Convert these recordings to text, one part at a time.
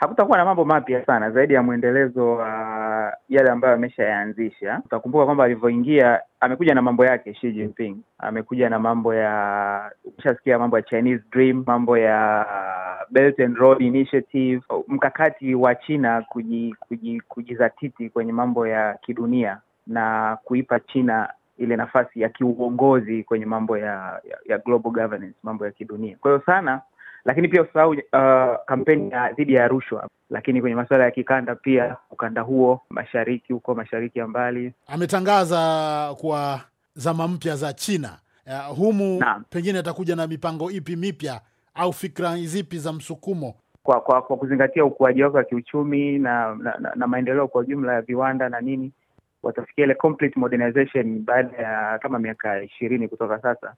hakutakuwa na mambo mapya sana zaidi ya mwendelezo wa uh, yale ambayo ameshayaanzisha. Utakumbuka kwamba alivyoingia amekuja na mambo yake Xi Jinping, amekuja na mambo ya umeshasikia mambo ya Chinese Dream, mambo ya Belt and Road Initiative, mkakati wa China kuji, kuji, kujizatiti kwenye mambo ya kidunia na kuipa China ile nafasi ya kiuongozi kwenye mambo ya, ya, ya global governance, mambo ya kidunia. Kwa hiyo sana lakini pia usahau uh, kampeni ya dhidi ya rushwa, lakini kwenye masuala ya kikanda pia, ukanda huo mashariki, huko mashariki ya mbali, ametangaza kwa zama mpya za China. Uh, humu na, pengine atakuja na mipango ipi mipya au fikra zipi za msukumo kwa kwa, kwa kuzingatia ukuaji wake wa kiuchumi na, na, na, na maendeleo kwa ujumla ya viwanda na nini, watafikia ile complete modernization baada ya kama miaka ishirini kutoka sasa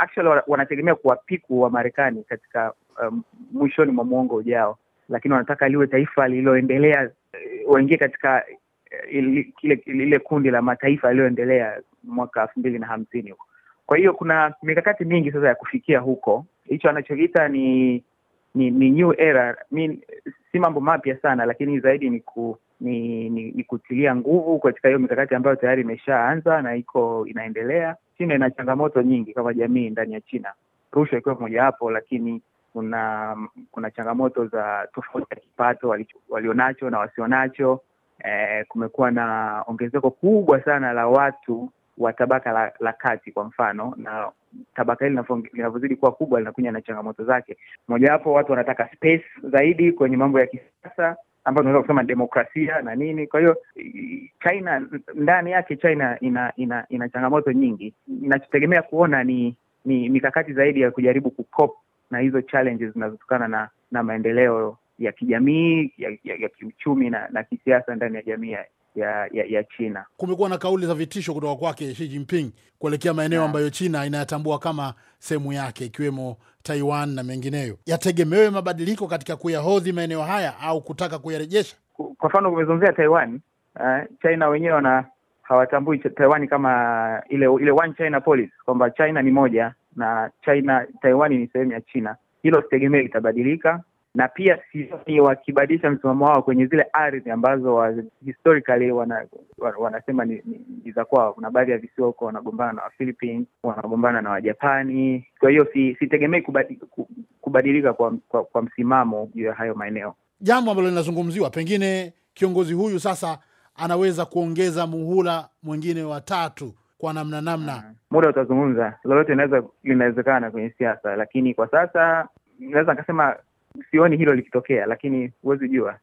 actually wanategemea kuwapiku wa Marekani katika um, mwishoni mwa mwongo ujao, lakini wanataka liwe taifa lililoendelea, eh, waingie katika eh, kile lile kundi la mataifa yaliyoendelea mwaka elfu mbili na hamsini huko. Kwa hiyo kuna mikakati mingi sasa ya kufikia huko. Hicho anachokiita ni ni, ni new era mi, si mambo mapya sana lakini zaidi ni ku, ni, ni, ni kutilia nguvu katika hiyo mikakati ambayo tayari imeshaanza na iko inaendelea. China ina changamoto nyingi kama jamii ndani ya China, rushwa ikiwa mojawapo, lakini kuna kuna changamoto za tofauti ya kipato wali, walionacho na wasionacho. Eh, kumekuwa na ongezeko kubwa sana la watu wa tabaka la, la kati kwa mfano, na tabaka hili linavyozidi kuwa kubwa linakuja na changamoto zake. Mojawapo, watu wanataka space zaidi kwenye mambo ya kisiasa ambayo tunaweza kusema demokrasia na nini. Kwa hiyo China, ndani yake China ina ina, ina changamoto nyingi. Inachotegemea kuona ni ni mikakati zaidi ya kujaribu kukop na hizo challenges zinazotokana na na maendeleo ya kijamii ya, ya, ya kiuchumi na, na kisiasa ndani ya jamii ya, ya, ya China. Kumekuwa na kauli za vitisho kutoka kwake Xi Jinping kuelekea maeneo ambayo China inayatambua kama sehemu yake ikiwemo Taiwan na mengineyo. Yategemewe mabadiliko katika kuyahodhi maeneo haya au kutaka kuyarejesha? Kwa mfano kumezungumzia Taiwan, uh, China wenyewe wana hawatambui Taiwan kama ile ile one China policy kwamba China ni moja na China Taiwan ni sehemu ya China. Hilo sitegemee litabadilika na pia sioni wakibadilisha msimamo wao kwenye zile ardhi ambazo wa, historically wana, wanasema ni, ni, ni za kwao. Kuna baadhi ya visiwa huko wanagombana na Wafilipin, wanagombana na Wajapani. Kwa hiyo sitegemei si kubadi, kubadilika kwa, kwa, kwa msimamo juu ya hayo maeneo, jambo ambalo linazungumziwa. Pengine kiongozi huyu sasa anaweza kuongeza muhula mwingine wa tatu kwa namna namna. Hmm, muda utazungumza lolote, linawezekana kwenye siasa, lakini kwa sasa naweza nikasema sioni hilo likitokea, lakini huwezi jua.